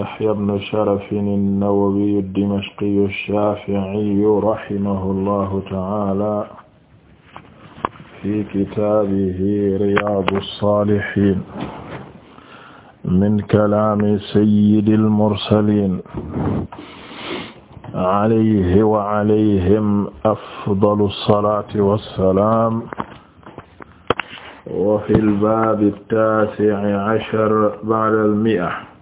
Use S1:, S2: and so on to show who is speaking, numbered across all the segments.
S1: يحيى بن شرف النووي الدمشقي الشافعي رحمه الله تعالى في كتابه رياض الصالحين من كلام سيد المرسلين عليه وعليهم أفضل الصلاة والسلام وفي الباب التاسع عشر بعد المئة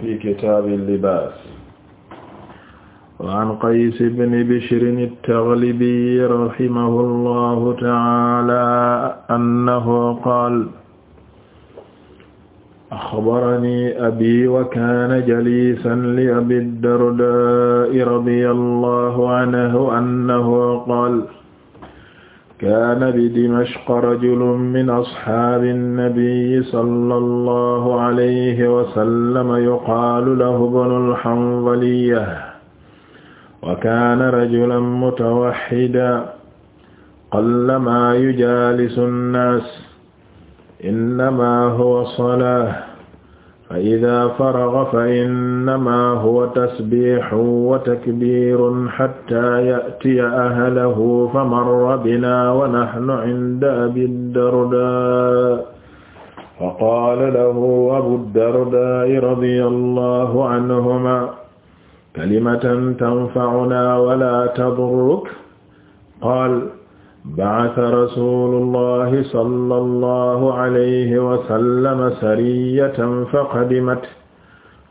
S1: fi kitaabi libaas wa an qays ibn bishr at-taghlibi rahimahu allahu ta'ala annahu qaala axbarani abi wa kaana jaliisan li abi ad-dardaa radiyallahu anhu annahu qaala kaana bi dimashqa rajulun min ashaabi nnabiyi sallallahu alayhi wa sallam yuqaalu lahu ibnul hanzaliyya wa kaana rajulan mutawahhidan qallamaa yujaalisu nnaas innamaa huwa salaah fa ida faraga fa innama huwa tasbixun wa takbirun xatta yatiya ahlahu fa marra bina wa naxnu cinda abi darda fa qaala lahu abu dardaai radia allahu anhuma kalimatan tanfacunaa wala tadurruk qaal ba'atha rasuulullahi sallallahu alayhi wa sallam sariyatan faqadimat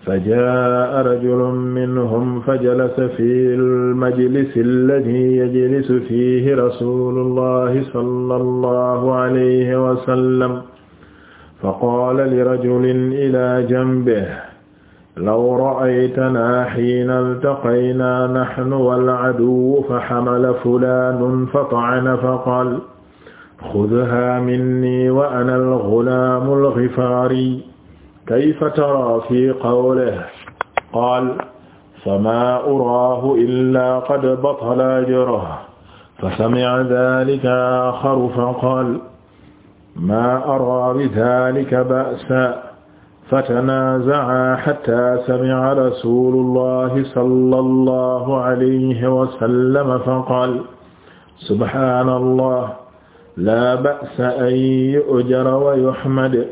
S1: fajaa'a rajulun minhum fajalasa fil majlisi alladhii yajlisu fiihi rasuulullahi sallallahu alayhi wa sallam faqaala lirajulin ilaa janbihi law ra'aytanaa hiina iltaqaynaa nahnu wal aduwwu fa hamala fulaanun fa ta'ana fa qaala xudhaa minnii wa ana al-ghulaamu al-ghifaari kayfa taraa fii qawlihi qaala famaa uraahu illaa qad batala ajruhu fasami'a dhaalika aakharu fa qaala maa araa bidhaalika ba'san فتنازعا حتى سمع رسول الله صلى الله عليه وسلم فقال سبحان الله لا بأس أن يؤجر ويحمد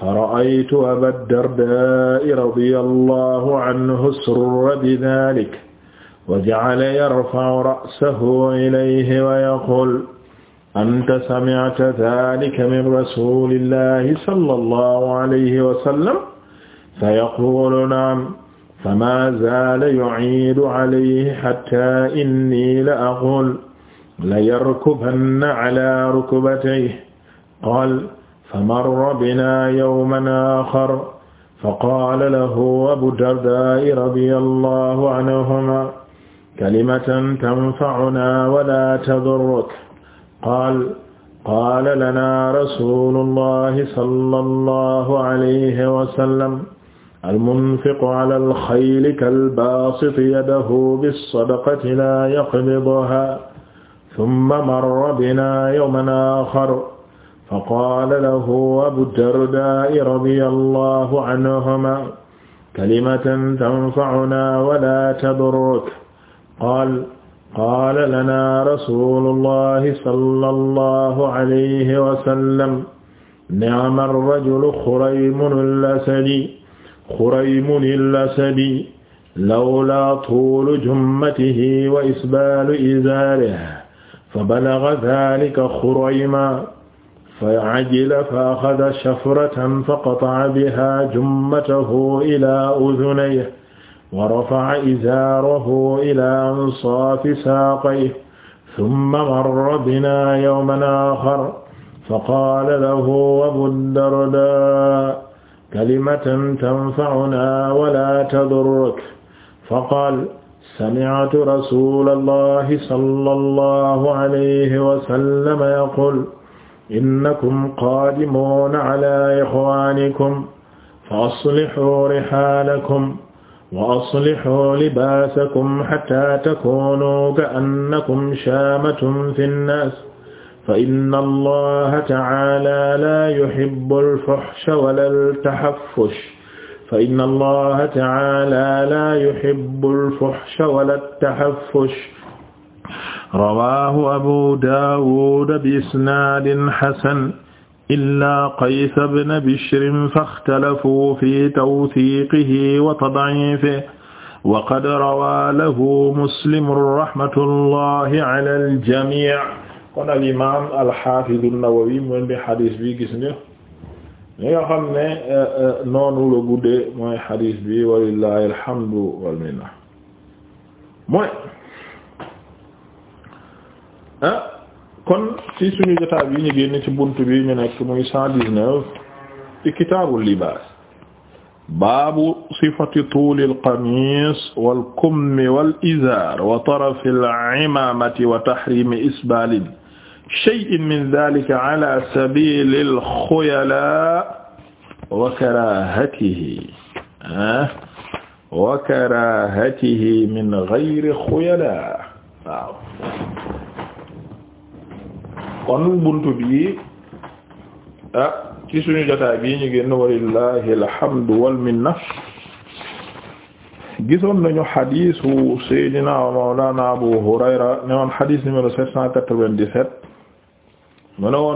S1: فرأيت أبا الدرداء رضي الله عنه سر بذلك وجعل يرفع رأسه إليه ويقول anta sami'ta dhalika min rasulillahi sallallahu alayhi wa sallam sayaqulu na'am fama zala yu'iidu alayhi hatta inni la aqul la yarkubanna ala rukbatayhi qaala famarra binaa yawman aakhar faqaala lahu abu dardaa'i radiyallahu anhumaa kalimatan tanfa'unaa wa laa tadurruka qaal qaala lana rasulullahi sallallahu alayhi wa sallam almunfiqu ala alxayli kalbaasiti yadahu bissadaqati laa yaqbiduhaa summa marra binaa yawman aaxar faqaala lahu abu dardaa'i radiyallahu anhumaa kalimatan tanfa'unaa wa laa tadurruka qaala qaala lana rasulullahi sallallahu alayhi wa sallam ni'ma ar-rajulu Xuraymun al-Asadi Xuraymun al-Asadi lawlaa tuulu jummatihi wa isbaalu izaarihi fabalagha dhaalika Xurayman fa'ajila fa akhadha shafratan faqata'a bihaa jummatahu ilaa udhunayhi wa rafa'a izaarahu ilaa ansaafi saaqayhi summa marra binaa yawman aaxar faqaala lahu abuu dardaa kalimatan tanfa'unaa wa laa tadurruk faqaala sami'tu rasuulallaahi sallallaahu alayhi wa sallam yaquulu innakum qaadimuuna alaa ixwaanikum fa aslihuu rihaalakum wa aslihuu libaasakum hattaa takuunuu ka'annakum shaamatun fi nnaas fa inna allaha ta'aalaa laa yuhibbul fuhsha walal tahaffush fa inna allaha ta'aalaa laa yuhibbul fuhsha walat tahaffush rawaahu abuu daawuud bi isnaadin hasan illaa qays bna bishrin faxtalafuu fi tawsiiqihi wa tadciifihi wa qad rawaa lahu muslimun rahmatullahi ala al-jamii' kon al imaam al-haafiz an-Nawawi moom bi xadis bi gis nga li nga xam ne eh, eh, noonu la guddee mooy xadis bi walillaahi alhamdu wal minna mooy ah kon ci suñu jotaay bi ñu génn ci bunt bi ñu nekk muy cent dix-neuf ci kitaabul libaas baabu sifati tuuli alqamis walkummi walizaar wa tarafi alimamati wa tahrimi isbalin shay'in min dhalika ala sabili alxuyala wa karahatihi ah wa karahatihi min ghayri xuyala waaw kon buntu bii ah ci suñu jotaay bii ñu génn walillahi alhamdu wal minna gisoon nañu xadiisu Seydina wa Mawlana Abu Hurayra ne woon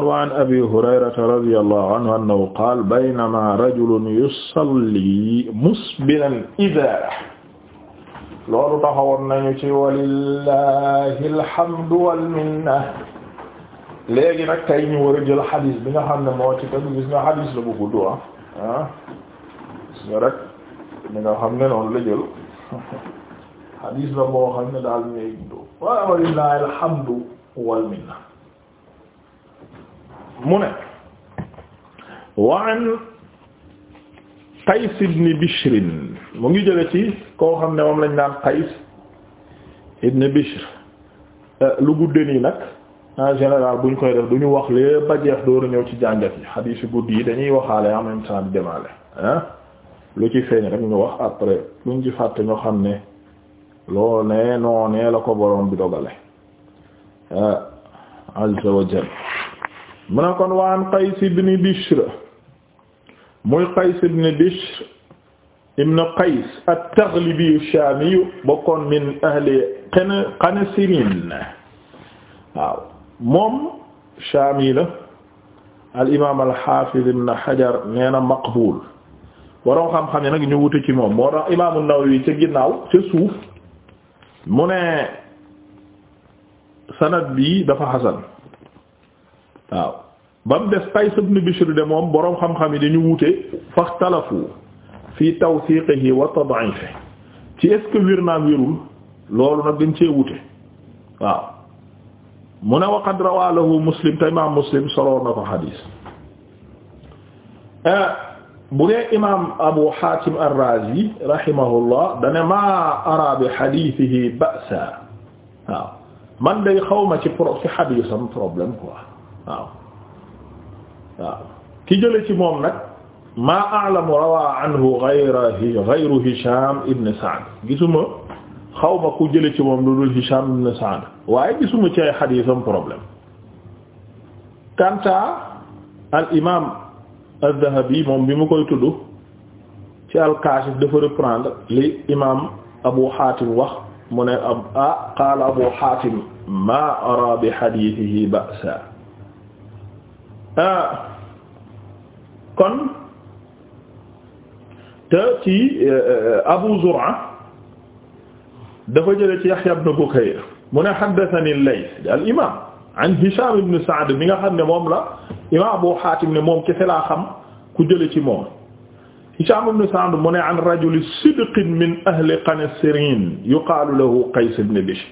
S1: wa an Abi Hurayrata radiyallahu anhu annahu qaala baynama rajulun yusalli musbilan izaarahu loolu taxawoon nañu ci walillahi alhamdu wal léegi nag tey ñu war a jël xadis bi nga xam ne moo ci tegu gis nga xadis la bu gudd ah ah gis nga rek mi nga xam ne noonu la jël xadis la boo xam ne daal mu ne wa an Qays ibn Bishr mu ngi jële ci koo xam ne moom lañ naan Qays ibn Bishr euh, lu gudde nii nag en général buñ koy def duñu wax lépp a jeex dooru ñëw ci jàngat yi xadiisu guddi yi dañuy waxaale en même temps bi demaale ah lu ci feeñ rek ñu wax après luñ ci fàtte ñoo xam ne loolu ne noo la ko boroom bi dogale azza wa jal mu ne kon waan Qays ibn Bishr muy Qays ibn Bishr ibn Qays at-Taghlibi ash-Shami bokkoon min ahli Qanasirin waaw moom shaami la al imaam al xaafiz ibn Hajar nee maqbul waroo xam-xam ne nag ñu wute ci moom moo tax imaam yi nawawi ca ginnaaw ca suuf mu ne sanad bii dafa xasan waaw ba mu des Qays ibn Bishr de moom boroom xam-xam yi dañu wute faxtalafu fi tawsiqihi wa tad'ifihi ci est-ce que wér naam loolu nag dañ cee wute waaw mu ne wa qad rawaa lahu muslim te imaam muslim soloo na ko xadiis eh, bu dee imaam abu xaatim ar-raazi rahimahullah dane maa araa bi xadiisihi ba'sa waaw man day xawma ci pro ci xadiisam problème quoi waaw waaw ki jële ci moom nag maa a'lamu rawaa anhu ghayra ghayru Hishaam ibn Sa'd gisuma xaw ma ku jële ci moom lu dul waaye gisuma ci ay al imam az-Zahabi moom bi mu koy tudd ci al-Kaashif dafa reprendre li imam Abu Hatim wax mu ah, Abu Hatim ma ara bi hadithihi ba'sa ah, kon te ci eh, eh, Abu Zur'a dafa jële ci Yahya ibn Bukayr mu ne haddathani al-Layth al imam an Hisham ibn Sa'd mi nga xam ne moom la imam Abu Hatim ne moom kese laa xam ku jële ci moom Hisham ibn Sa'd mu ne an rajuli sidqin min ahli yu yuqaalu lahu Qays ibn Bishr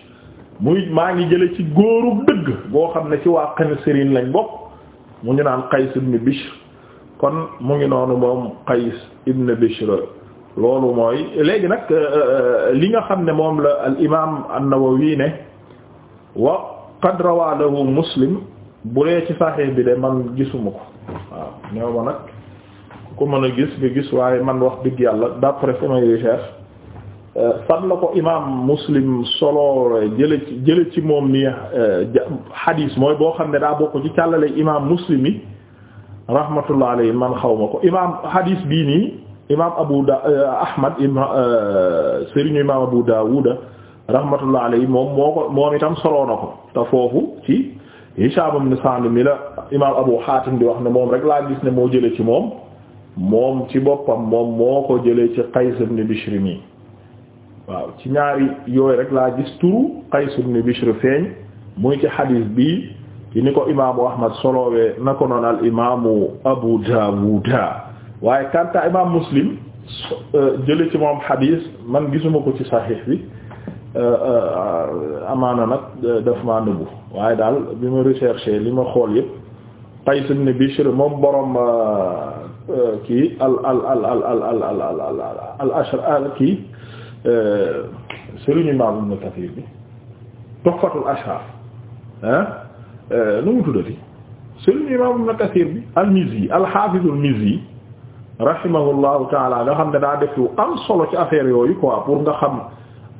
S1: muy maa ngi jële ci góoru dëgg boo xam ne ci waa Qanasirin lañ bokk mu ngi naan Qays ibn Bishr kon mu ngi noonu moom Qays ibn Bishr loolu mooy léegi nag euh, euh, li nga xam ne moom la al imaam an-Nawawi ne wa qad rawaa lahu Muslim bu dee ci Sahih bi de man gisuma ko waaw néew ma nag ku mën a gis nga gis waaye man wax dëgg yàlla d'après samay recherche euh, fan la ko imaam Muslim solo jële ci jële ci moom nii hadis mooy boo xam ne daa bokk ci càllale imaam Muslim yi rahmatullah alayhi man xaw ma ko imaam hadis bii nii. imaam Abu da euh, Ahmad ima euh, sëriñu imaam Abu Daawuda rahmatullah alayhi moom moo ko moom itam soloo na ko te foofu ci Hishaam ibn Sa'd bi la imaam Abu Haatim di wax ne moom rek laa gis ne moo jëlee ci moom moom ci boppam moom moo ko jëlee ci Qays ibn Bishr mi ci ñaari yooyu rek laa gis turu Qays ibn Bishr feeñ muy ci xadiis bi ni ko imaamu Ahmad solowee na ko noon al imaamu Abu Daawuda waaye kanta imam muslim jële ci moom xadiis man gisuma ko ci saxiix bi amaana nag daf ma nëbbu waaye daal bi ma recherché li ma xool yëpp Qays ibn Bishr moom borom kii al al al Kathir bi Tuhfatul Ashraaf ah nu mu tuddati sëriñu imam Ibn Kathir bi al-Mizzi al-Haafiz al-Mizzi rahimahullahu taala nga xam ne daa def am solo ci affaire yooyu quoi pour nga xam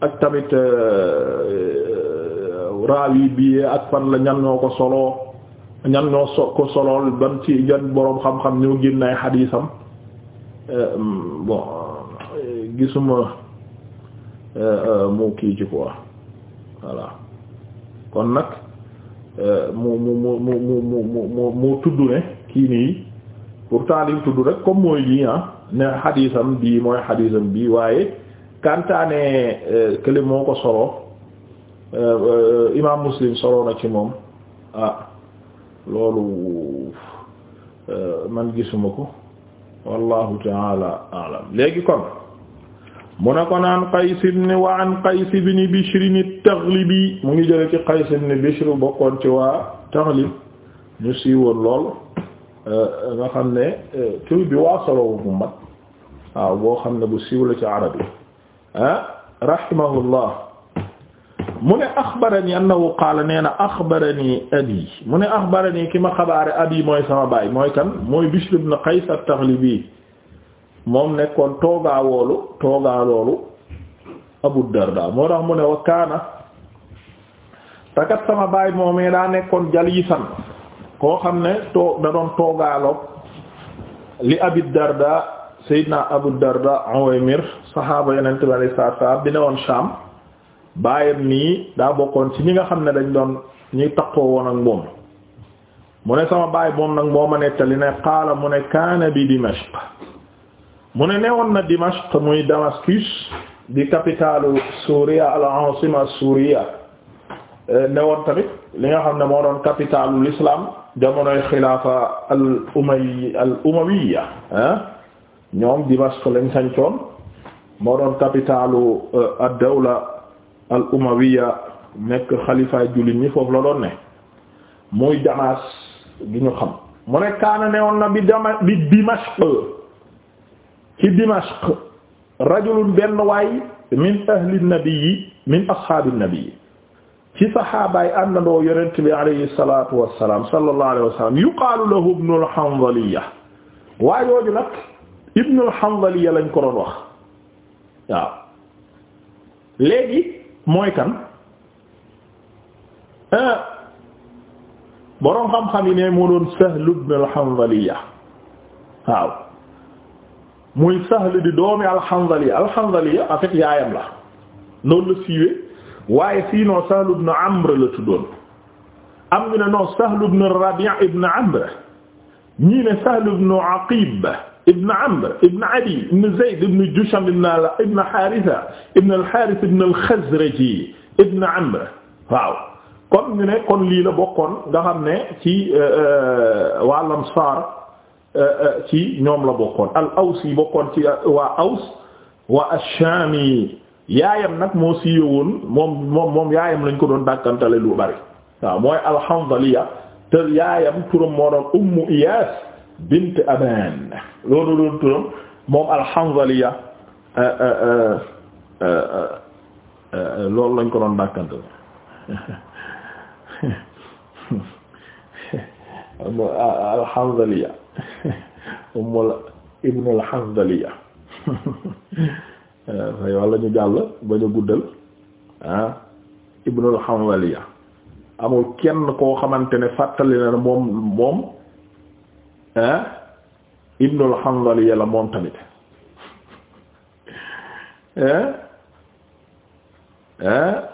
S1: ak tamit euh, euh, raawi bi ak fan la ñan ñoo ko solo ñan ñoo so ko solool ban ci jan boroom xam-xam ñoo génnaay xadiisam euh, bon gisuma mu kii ci quoi voilà kon nag mu mu mu mu mu mu mu mu tudd ne kii nii pourtant lim tudd rek comme mooy lii ah ne xadiisam bii mooy xadiisam bii waaye kantaane euh, kële moo ko solo euh, euh, imaam muslim solo na ci moom ah, loolu man gisuma ko wallahu taala alam léegi kon mu ne kon an Qays ibn wa an Qays ibn Bishr at-Taghlibi mu ngi jële ci Qays ibn Bishr bokkoon ci waa Taghlib ñu siiwoon lool Euh, nga xam ne euh, tur bi waa bu mag waaw boo xam ne bu siiw la ci arab yi ah rahimahullah mu ne axbarani annahu qaala nee na abi mu ne axbarani ki ma xabaare abi mooy sama baay mooy kan mooy Bishr ibn Qays at-Taghlibi moom nekkoon toogaa woolu toogaa loolu Abu Darda moo tax mu ne wa kaana takat sama baay moomee daa nekkoon jaliisan koo xam ne too da doon toogaaloog li abi darda sayyidina abu darda uwaymir saxaaba yonent bi alayhi salaatu bi ne woon Sham bàyyam nii daa bokkoon ci ñi nga xam ne dañ doon ñuy taqoo woon ak moom mu ne sama baay moom nag moo ma nettali ne qaala mu ne kaana bi Dimashq mu ne newoon na Dimashq muy Damascus di capitalu Suuriya al-aasima Suuriya eh, newoon tamit li nga xam ne moo doon capitalu lislaam jamonoy xilaafa al al umawiya ah ñoom Dimashq lañ sancoon moo doon capitalu eh, ad dawla al umawiya nekk xalifaay jullit ñi foofu la doon ne muy Damas gi ñu xam mu ne kaana newoon na bi Dimashq ci Dimashq rajulun benn waay min ahli nabi yi min ashaabi nabi yi ci saxaabaay àndandoo yonent bi alayhi salaatu wassalaam sallallahu alayhi wasallam yuqaalu lahu ibnul hanzaliya waaye yooju nag ibnul hanzaliya lañ ko doon wax waaw léegi mooy kan eh, boroom xam-xam yi ne moo doon sahl ibnul hanzaliya waaw muy sahl di doomi al hanzaliya al hanzaliya en fait yaayam la noonu la siiwee waaye sinon Sahl ibn Amr la tuddoon am ñu ne non Sahl ibn Rabi' ibn Amr ñii ne Sahl ibn Aqib ibn Amr ibn Adi ibn Haritha ibn al-Harith ibn waaw kon lii la bokkoon nga xam ne ci euh, euh, waa Ansaar euh, ci ñoom la bokkoon al-Awsi bokkoon waa Aws waa shami yaayam nag moo siiwee woon moom moom moom yaayam lañ ko doon dàkkantale lu bari waaw mooy alhamdulilah te yaayam turam moo doon ummu Iyaas bint Abaan loolu doon euh, euh, euh, lañ ko doon dàkkantale alhamdulilah ummul ibnul hamdulilah walla eh, ñu jàll ba ñu guddal ah, ibnul hanwaliya amul kenn koo xamante ne fàttali na moom moom eh, ibnul hanwaliya la moom tamit ah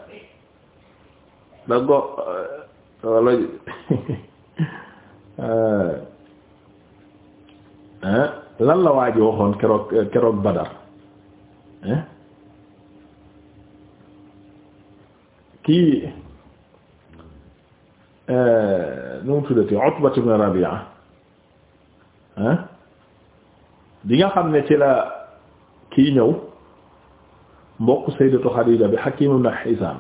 S1: lan la waa ji waxoon keroog keroog badar kii euh, nu mu tuddati Utbat ibn Rabi'a bi nga xam ne ci la kii ñëw mbokk sayyidatu Xadiija bi Hakim ibn Hizam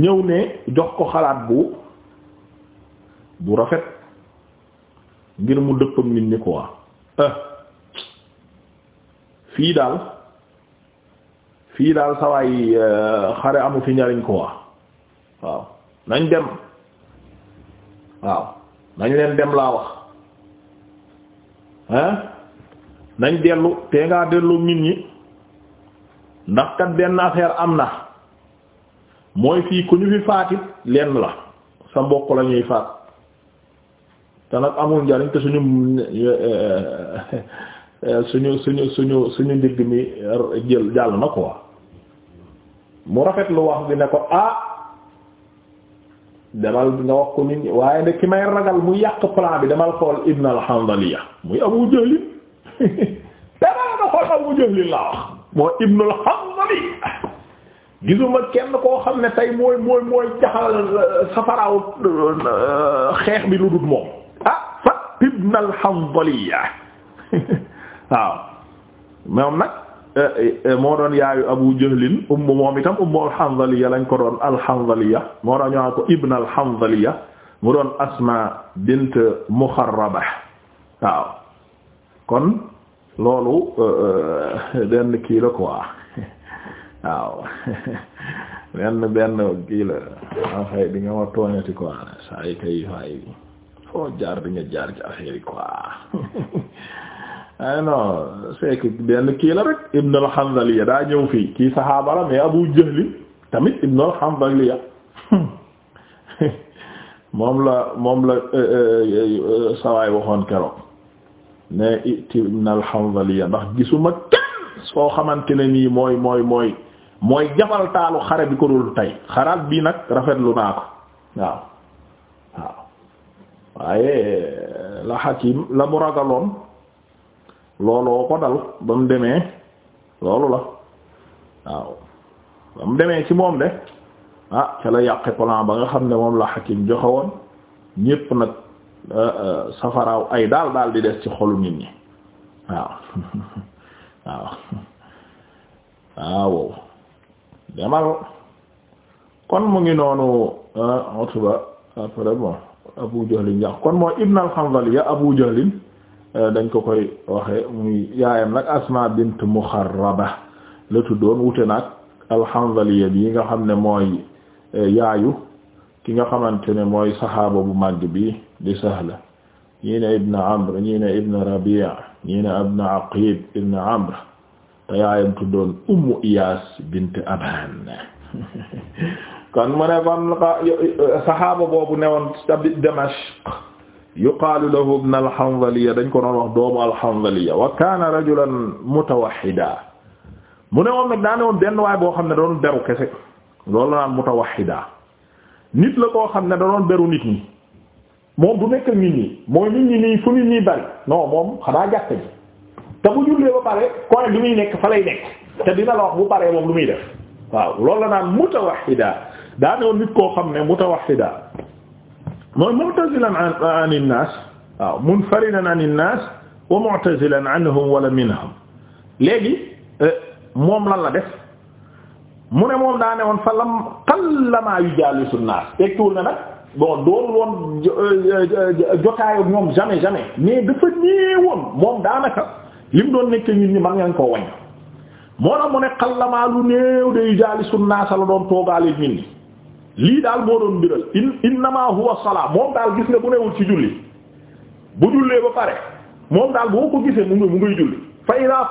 S1: ñëw ne jox ko xalaat bu bu rafet ngir mu dëppam nit ñi fii daal fii daal sawaay euh, xare amu fi njariñ ko wax waaw nañ dem waaw nañ leen dem laa wax hein nañ dellu te ngaa dellu nit ñi ndax kat benn affaire am na mooy fii ku ñu fi faatit lenn la sa mbokk la ñuy faat te nag amul njariñ te suñu euh, Euh, suñu suñu suñu suñu ndigg mi jël jàll na quoi mu rafet lu wax bi ne ko ah demal nga wax ko nit waaye ne ki may ragal mu yàq plan bi demal xool Ibn al-Hanzaliya muy Abu Jahl demal nga xool Abu Jahl laa wax moo Ibn al gisuma kenn koo xam ne tey mooy mooy mooy jaxal euh, safaraaw euh, xeex bi lu dul moom ah fa Ibn al waaw moom nag eh, eh, moo doon yaayu abu jahlin umm moom itam umm alxanzaliya lañ ko doon alxanzaliya moo doon ñoo ko ibn alxanzaliya mu doon asma bint muxarraba kon loolu eh, benn kii la quoi benn benn kii la waa fay kay fay foo jaar di nga jaar ci affaire yi quoi ah non c'est benn kii la rek Ibn al daa ñëw fii kii saxaaba la mais Abu Jahl tamit Ibn al moom la moom la eh, eh, sawaay waxoon keroog ne it Ibn al-Hanzaliya ndax gisuma kenn soo xamante ne nii mooy mooy mooy mooy jafal taalu xare bi ko dul xaraat bii nag lu naa ko waaw waaw waaye la Hakim la mu ragaloon. looloo ko dal ba mu demee loolu la waaw ba mu demee ci moom de ah ca la yàqe ba nga xam ne moom la Hakim joxe woon ñépp nag euh, euh, safaraaw ay daal daal di des ci xolu nit ñi waaw waaw demal kon mu ngi noonu euh, Utba après bon Abu Jahlin kon moo Ibn al ya Abu Jahlin Euh, dañ ko koy waxe muy yaayam nag Asma bint Muxarraba la tuddoon wute nag al-Hanzaliya bi nga xam ne mooy euh, yaayu ki nga xamante ne mooy saxaaba bu màgg bi di Sahla ñii ne ibn Amr ñii ne ibn Rabi' ñii ne ibn Aqib ibn Amr te yaayam tuddoon Ummu Iyas bint Aban kon mu ne kon saxaaba boobu newoon ci Damashq yuqaalu lahu ibn al dañ ko doon wax doomu al-Hanzaliya wa kaana rajulan mutawahhida mu ne woon nag daa woon benn waay boo xam ne da doon beru kese loolu naan mutawahhida nit la koo xam ne danoon doon beru nit ñi moom du nekk nit ñi mooy nit ñi nii fu nit ñi bari non moom xanaa jàkk ji te bu jullee ba pare koy lu muy nekk fa lay nekk te dina la wax bu paree moom lu muy def waaw loolu la naan mutawahhida daa ne woon nit koo xam ne mutawahhida mooy mu'tazilan an an-naas waaw munfaridan an an-naas wa mu'tazilan anhum wala minhum léegi e, moom lan la def mu ne moom daa ne woon fa lam qallama yujaalisu an-naas tegtuwul na nag bon doonul woon e, e, jotaayu ñoom jamais jamais mais dafa néewoon moom daanaka li mu doon nekk ñun ñi man ngeen koo wañ moo tax mu ne qallama lu néew de yujaalisu an-naas la doon toogaale ñun ñi lii daal moo doon mbiral in innama huwa salaa moom daal gis nga bu newul ci julli bu jullee ba pare moom daal boo ko gisee mu ngi mu ngay julli fa ida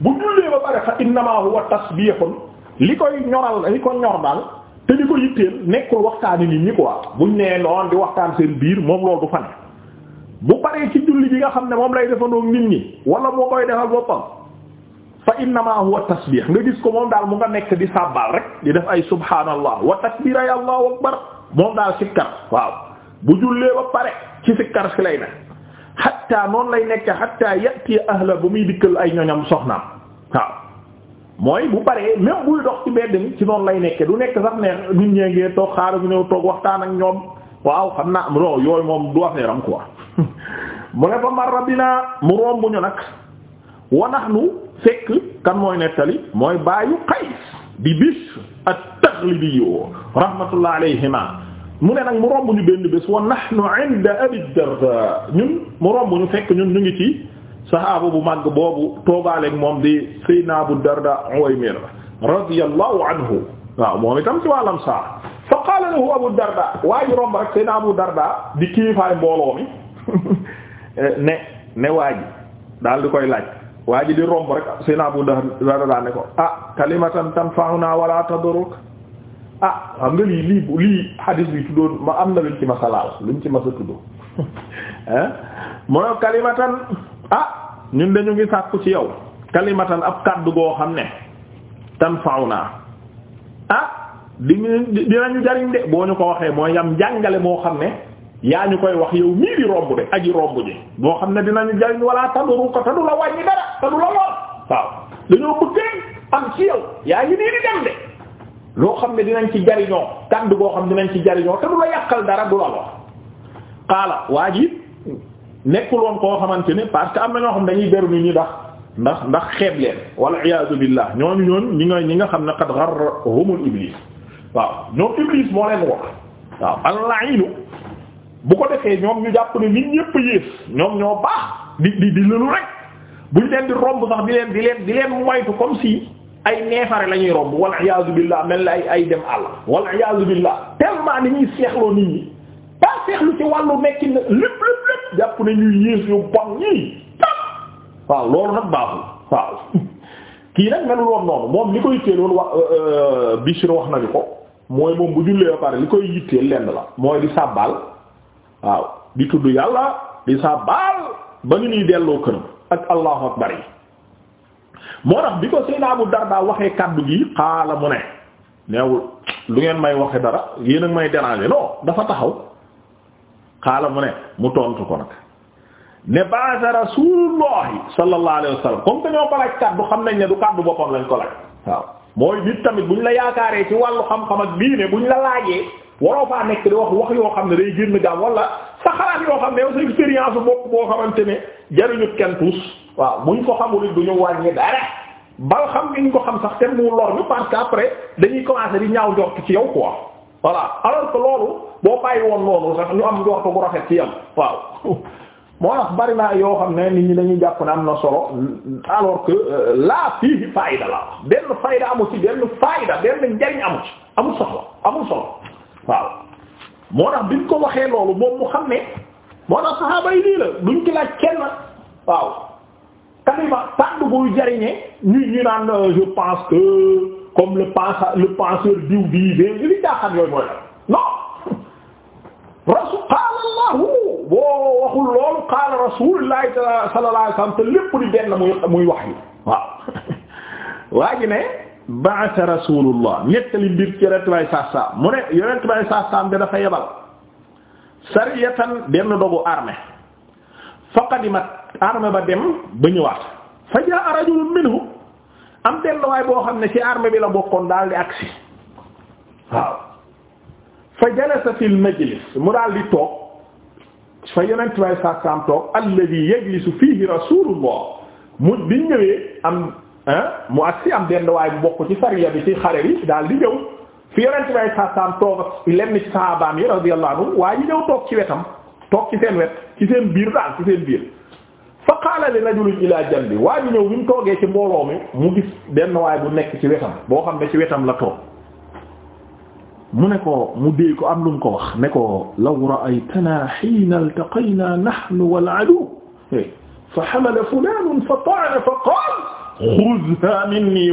S1: bu jullee ba pare fa innama huwa tasbihun li koy ñoral li ko ñor daal te li ko yitteel nekkul waxtaani nit ñi quoi buñ nee noon di waxtaan seen biir moom loolu du fa ne bu paree ci julli bi nga xam ne moom lay defandoo nit ñi walla moo koy defal boppam fa innamaa huwa tasbih nga gis ko moom daal mu nga nekk di sàbbaal rek di def ay subhaanallah wa takbiray allahu akbar moom daal sikkar waaw bu jullee ba pare ci sikkar si lay ne xatta noonu lay nekk xatta yati ahla ba muy dikkal ay ñoñam soxnaam waaw mooy bu paree même buy dox ci mbedd mi ci noonu lay nekke du nekk sax ne nit ñee toog xaaral ñëw toog waxtaan ak ñoom waaw xam naa non yooyu moom du affaire am mu ne fa marra bina mu romb fekk kan mooy nettali mooy baayu Qays di Bishr at-Taghlibi rahmatullah alayhima mu ne nag mu romb ñu benn bés wa nahnu inda Darda ñun mu romb ñu fekk ñun ñu ngi ci sahaaba bu màgg boobu toogaaleeg moom di Sayyidina Abu Darda Uwaymir radiyallahu anhu waaw moom itam ci wàllam saa fa qaala lahu Abu Darda waa ji romb rek Sayyidina Abu Darda di kilifaay mbooloo eh, ne ne waa daal di koy laaj waa ji di romb rek sayna Abu Dahr radiyallahu anhu ko ah kalimatan tanfa'una wala tadurruk ah xam nga lii lii lii hadis bi tuddoon ma am na luñ ci masalaal luñ ci masa tuddoo ah mu kalimatan ah ñun dañu ngi sàkku ci yow kalimatan ab kàddu goo xam ne tanfa'una ah di dinañu jariñ de boo ñu ko waxee mooy yam jàngale moo xam ne yaa ñu koy wax yow mii di romb de aji romb ji boo xam ne dinañu jariñ wala taduru ko tadu la wàññi dara tadu la lool waaw dañoo bëggee am ci yow yaa ngi nii di dem de loo xam ne dinañ ci jariñoo kàddu boo xam dinañ ci jariñoo te du la yàqal dara du la lool xaala waa ji nekkuloon koo xamante ne parce que am na ñoo xam dañuy beru ni ñi dax ndax ndax xeeb leen wal iyaadu billah ñooñu ñoon ñi nga ñi nga xam ne qad gharrahumul iblis waaw ñoom iblis moo leen wax waaw al-la'inu bu ko defee ñoom ñu jàpp ne nit ñépp yées ñoom ñoo baax di di di lëlu rek buñ leen di romb sax di leen di leen di leen moytu comme si ay neefare lañuy romb wal iyaazu billah mel na ay dem àll wal iyaazu billah ni ñuy seexloo nit ñi pas seexlu ci wàllu nekkin lépp lépp lépp jàpp ne ñuy yées yu bon ñii waaw loolu nag baaxul waaw kii nag melul noonu moom li koy téel woon wax euh, euh, Bichir wax nañu ko mooy moom bu jullee ba pare li koy yitteel lenn la mooy di sàbbaal waaw di tudd yàlla di sa baal ba ñu ñuy delloo këram ak allahu akbar yi moo tax bi ko Seydina Abu daa waxee kàddu gi xaala mu ne neewul lu ngeen may waxe dara yéen a may déranger non dafa taxaw xaala mu ne mu tontu ko nag ne ba'atha rasulullahi sallallahu alayhi wasallam comme que ñoo ko laaj kàddu xam nañ ne du kàddu boppam lañ ko laaj waaw mooy nit tamit buñ la yaakaaree ci wàllu xam-xam ak diine buñ la laajee waroo faa nekk di wax wax yoo xam ne day génn gaam wala sa xalaat yoo xam ne yow sa expérience bopp boo xamante ne jariñut kenn tuus waaw buñ ko xamul it du ñu wàññi dara bal xam ñu ko xam sax te mu lor ñu parce que après dañuy commencer di ñaaw njort ci yow quoi voilà alors que loolu boo bàyyi woon noonu sax ñu am njort gu rafet ci yam waaw moo tax bari naa yoo xam ne nit ñi dañuy jàpp ne am na solo alors que euh, la fii fayda la benn fayda amu ci benn fayda benn njariñ amu ci amul soxla amul solo waaw moo tax biñ ko waxee loolu moom mu xam ne moo tax saxaaba yi lii la duñ ci laaj kenn waaw kalima tànn buy jariñee ñu ñu naan euh, je pense que comme le penseur le penseur diw bii de li jaaxal yooyu mooy la non rasul qaala boo waxul loolu qaala rasulullahi sallallahu alayhi wasallam te lépp di benn muy muy wax yi waaw waa ji ne ba'atha rasulullah nettali mbir ci yonent bay saasaam mu ne yonent bay saasaam de dafa yebal sariyatan benn dogu armée faqadimat armée ba dem ba ñëwaat fa jaa rajulun minhu am benn waay boo xam ne ci armée bi la bokkoon daal di agsi waaw fa jalasa fil majlis mu daal di toog fa yonent bay saasaam toog alladhi yajlisu fihi rasulullah mu bi ñëwee am mu agsi am benn waay bu bokk ci sariya bi ci xare bi daal di ñëw fi yonent bi ay saasaam toog ak lenn ci sahabaam yi radiyallahu anhu waaye ñu ñëw toog ci wetam toog ci seen wet ci seen biir daal ci seen biir fa qaala li rajulin ila janbi waa ñu ñëw bi mu toogee ci mbooloo mi mu gis benn waay bu nekk ci wetam boo xam ne ci wetam la toog mu ne ko mu dee ko am lu mu ko wax ne ko law ra'aytana hiina iltaqaynaa nahnu wal aduwwu fa hamala fulaanun fa taana xuzha minni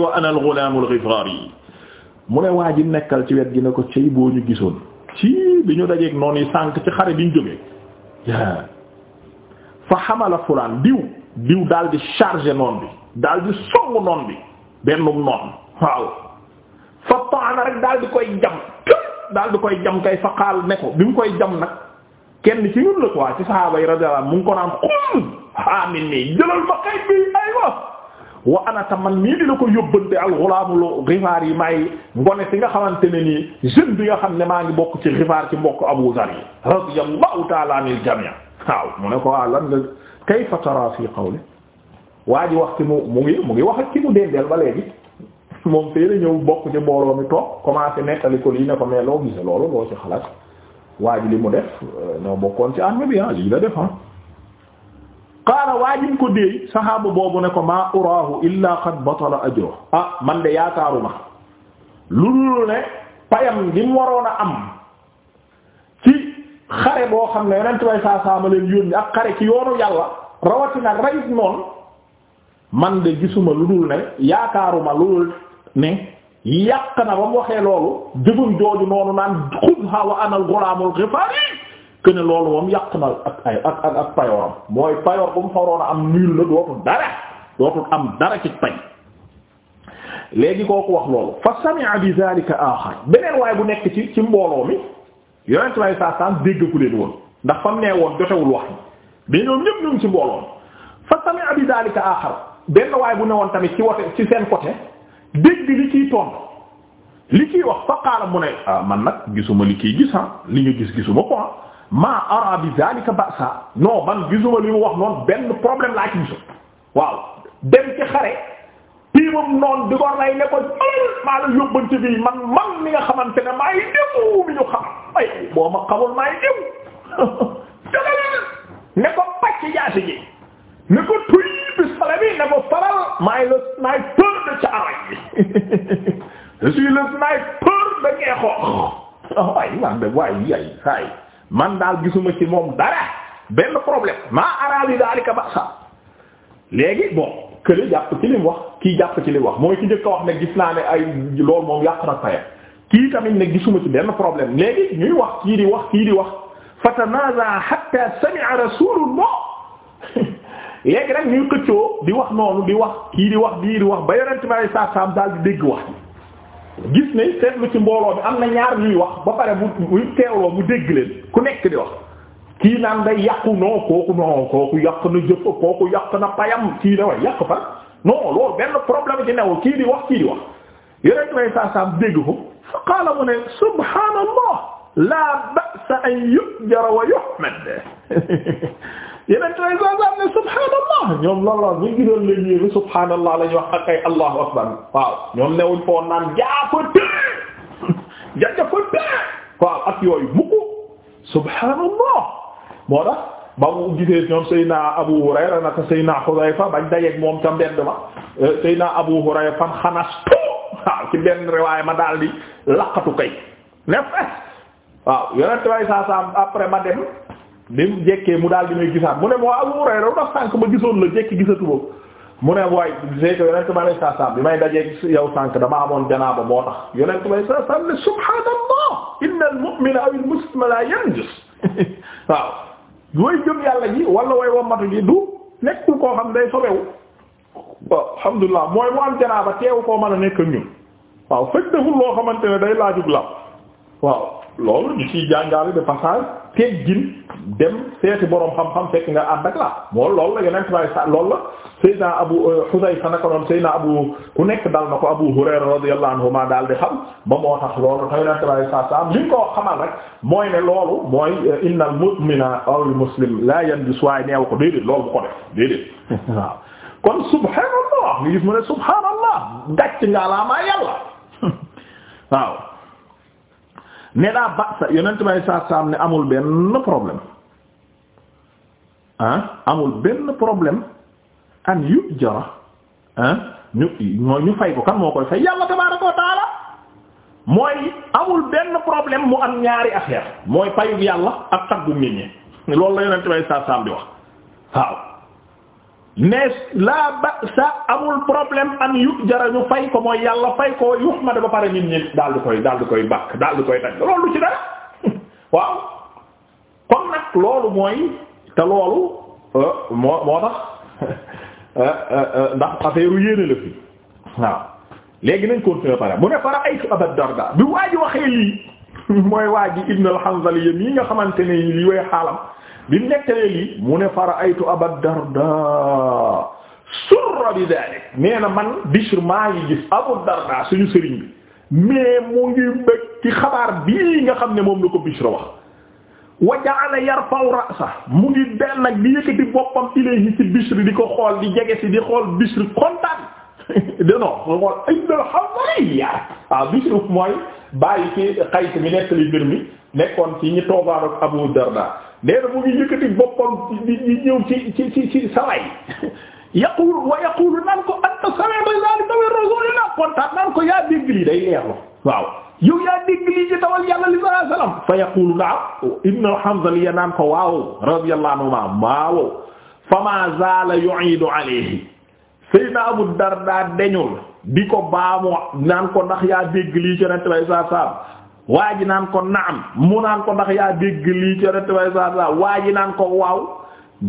S1: waa ji nekkal ci wet gi ne ko cëy boo ñu gisoon ci bi ñu dajeeg noonu yi sànq ci xare bi ñu jógee fa xamala fulaan diw diw daal di chargé noon bi daal di songu noon bi bennum noon waaw fa taana rek daal di koy jam daal di koy jam kay fa xaal ne ko bi mu koy jam nag kenn ci ñun la quoi ci sahaaba yi radiyallahu mu ko naan xul xaamin nii jëlal ma kay bi aywa wa ana ta man nii di la ko yóbbante alxulaamul rifaar yi may ngone si nga xamante ne nii jeune bi nga xam ne maa ngi bokk ci rifaar ci mbokk Abu Zar yi radiyallahu ta'ala anil jami' waaw mu ne ko waaw lan nga kayfa tara fi qawli waa ji wax ci mu mu ngi mu ngi wax ak ci mu dendeel ba léegi moom fee ñëw bokk ci mbooloo mi toog commencé nettali ko lii ne ko mais loo gise loolu loo ci xalaat waa ji li mu def euh, noo bokkoon ci arme bi ah la def ah. qaala waajin ko déey saxaaba boobu ne ko maa uraahu illa qad batala ajruhu ah man de yaakaaruma lu dul ne payam gi mu waroon a am ci xare boo xam ne yonent bay saa saa ak xare ci yoonu yàlla rawatina rayit noonu man de gisuma lu dul ne yaakaaruma lu dul ne yàq na ba mu waxee loolu jëfum jooju noonu naan xudha wa ana al-ghulaamul ghifaari que ne loolu moom yàq na ak ak payooram mooy payoor bu mu xaroon a am niil la dootul dara dootul am dara ci pay léegi kooku wax loolu fa sami'a bi zalika axar beneen waaye bu nekk ci ci mbooloo mi yonent lay saa saan dégg ku leen woon ndax fam nee woon jotewul wax ci mbooloo fa sami'a bi zalika axar benn waaye bu ne woon tamit ci wote ci seen côté dégg li ciy tontu li ciy wax fa qaala mu ne ah man nag gisuma li kiy gis ah li nga gis gisuma ko ah ma ara bi zalika ba'sa non man gisuma li wax noonu benn problème laa ci gisu waaw dem ci xare piimam noonu di ko rey ne ko maa la yóbbante bi man man mi nga xamante ne maa yi mi ñu xam ay boo ma xamul maa yi déw ne ko pàcc jaasi ji ne ko tuy bi sale bi ne ko faral maay le sniper de Thiaroye bi je suis le sniper de Nguekokh waaye waaye man daal gisuma ci moom dara benn problème maa arabi daalika ba sa léegi bon kële jàpp ci lim wax kii jàpp ci lim wax mooy ki njëkk wax ne gis naa ne ay loolu moom yàq na payam kii tamit ne gisuma ci benn problème léegi ñuy wax kii di wax kii di wax fatanaza hatta sami'a rasulullah léegi rek ñuy xëccoo di wax noonu di wax kii di wax bii di wax ba yonent bi sallallahu daal di dégg wax gis ne seetlu ci mbooloo mi am na ñaar ñuy wax ba pare mu muy teewloo mu dégg leen ku nekk di wax kii naan day yàqu non kooku non kooku yàq na jëf kooku yàq na payam kii na way yàq fan non loolu benn problème ci newul kii di wax kii di wax yonent may saa saam dégg ko fa qaala mu ne subhaanallah laa ba'sa an yujara wa yuhmad yeneen traçais am subhaanallah ñoom loolu la ñu ngi doon leen yéeme subhaanallah la wax ak ay allahu akbar waaw ñoom newuñ foo naan jaafate jajafate waaw ak yooyu mukk subhaanallah moo tax ba mu gisee ñoom Seydina Abu Hurayra naka Seydina Hudayfa bañ dajeeg moom ca mbedd ma euh, Seydina Abu Hurayra fan xanas waaw ci benn riwaay ma daal di laqatu kay ne waaw yeneen traçais am après ma dem. bi mu mu daal di may gisaat mu ne moo Abu Hurayra ndax sànq ma gisoon la jekki gisatu ba mu ne waaye c'est que yonent ma lay saa saam bi may dajee yow sànq dama amoon janaaba moo tax yonent ma lay saa saam ne subhaanallah innal mu'mina aw al muslima la yanjus waaw way jëm yàlla ji wala way wamatu ji du nekkul koo xam day sobewu waaw alhamdulilah mooy mu am janaaba teewu koo mën a nekk ñun waaw fekk deful ne day laajug la waaw loolu ñu ciy jàngale de teggin dem seeti boroom xam-xam fekk nga ànd ak la moo loolu la yeneen way sa loolu la Seydina Abu euh, Hudayfa naka noonu ku nekk dal na ko Abu daal di xam ba moo tax loolu te yeneen way sa sam li nga ko xamal rek mooy ne loolu mooy euh, innal mu'mina aw al muslim la yanjus waaye neew ko déedéet loolu bu ko def déedéet kon subhaanallah nga nga laa maa ne daa ba sa yonent may saa saam ne amul benn problème amul benn problème an yu jara ah ñu mooy ñu fay ko kan moo koy fay yàlla tabaaraka taala mooy amul benn problème mu am ñaari affaire mooy payub yàlla ak taggu nit ñi loolu la yonent may saam di wax waaw mais la ba sa amul problème an yu jarañu fay ko mooy yàlla fay ko yuhmad ba pare ñun ñi daal di koy daal di koy bàkk daal di koy taj loolu ci dara waaw kon nag loolu mooy te loolu euh, moo moo tax euh, euh, ndax affaire yéene la fi waaw léegi nañ continuer pare mu ne fara aytu abad darda bi waa waxee lii mooy waa ibn al yi nga xamante ne lii xaalam bi mu nekkalee mu ne fara aytu abad darda surra bi dalik nee na man Bishr maa ngi gis abu darda suñu sëriñ bi mais mu ngi bëgg ci xabaar bii nga xam ne moom la ko Bishr wax wa ja'ala yarfa'u ra'sa mu ngi benn nag di yëkkati boppam ilayhi ci Bishr di ko xool di jege si di xool Bishr kontaan danoo xool ibn al-Hanzaliya waaw ah, Bishr mooy bàyyi ci Qays mi nekk mbir mi nekkoon ci ñi toogaan ak Abu Darda nee na mu ngi yëkkati boppam di di ñëw ci ci ci ci saway yaqul wa yaqulu naan ko anta sami'ta zalika min rasulina kontaan naan ko yaa dégg lii day leerlu waaw yow yaa dégg lii ci tawal yàlla li sallallahu alayhi wasallam fa yaqulu na'am ibn hanzaliya naan ko waaw radiyallahu anhu waaw fama zala yu'idu alayhi sayyidina abu darda deñul di ko baamu naan ko ndax yaa dégg lii ci yonent bay sa waa ji naan ko naam mu naan ko ndax yaa dégg lii ci yonent saa saa waa ji naan ko waaw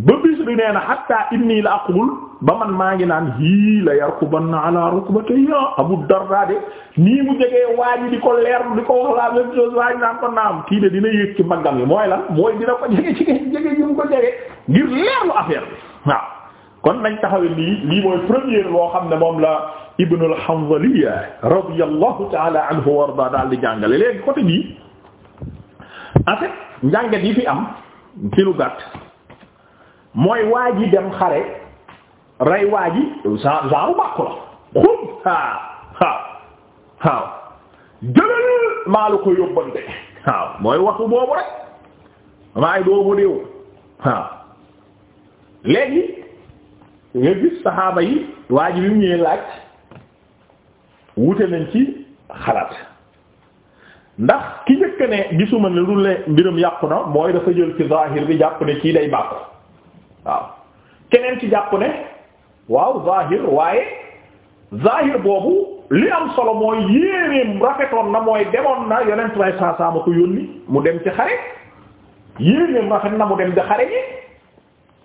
S1: ba bis bi nee na hatta inni la aqul ba man maa ngi naan hii la yarkubanna ala rukbatayya Abu Darda nii mu jegee waa ji di ko leer di ko wax la même waa ji naan ko naam kii de dina yëg ci mbaggam yi mooy la mooy dina ko jege jege ji mu ko jege ngir leerlu affaire bi waaw kon nañ taxawee lii lii mooy première loo xam ne moom la ibn al-Hanzaliya radiyallahu ta'ala anhu daal di jàngale léegi côté bii en fait njàngat yi fi am ci lu gàtt mooy waa ji dem xare rey waa ji genre bàkku la xub haa haa waaw jëlal maa la ko yóbbante waaw mooy waxu boobu rek maay doomu déew waaw léegi nga gis saxaaba yi waa ji mu ñëwee laaj wute nañ ci xalaat ndax ki njëkk ne gisuma ne lu ne mbiram yàqu na mooy dafa jël ci zahir bi jàpp ne kii day bàkku waaw keneen ci jàpp ne waaw zahir waaye zahir boobu li am solo mooy yéeneem rafetoon na mooy demoon na yonent way saa saa ma ko yónni mu dem ci xare yéeneem rafet na mu dem ci xare yi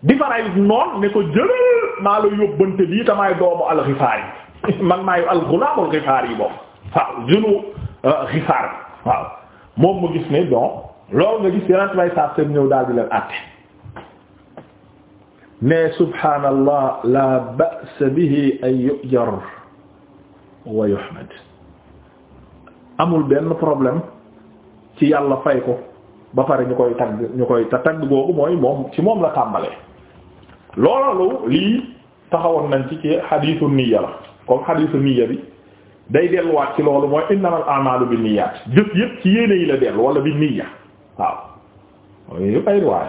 S1: di faray noon ne ko jëlal maa la yóbbante lii tamaay doomu alxifaar yi man maayu al-Ghulaamul Ghifaari yi boobu waaw junu euh, Ghifaar waaw moom mu gis ne donc loolu nga gis yeneen may saa seen ñëw daal di leen àtte ne subhaanallah la ba'sa bihi an yujar wa yuhmad amul benn problème ci yàlla fay ko ba pare ñu koy tagg ñu koy tagg googu mooy moom ci moom la tàmbalee loolu lii taxawoon nañ ci ci xadiitu niyya la comme xadiisu niyya bi day delluwaat ci loolu mooy innamal a'maalu binniyaat jëf yëpp ci yéene la dellu wala bi niyya waaw yooyu yëpp ay riwaaya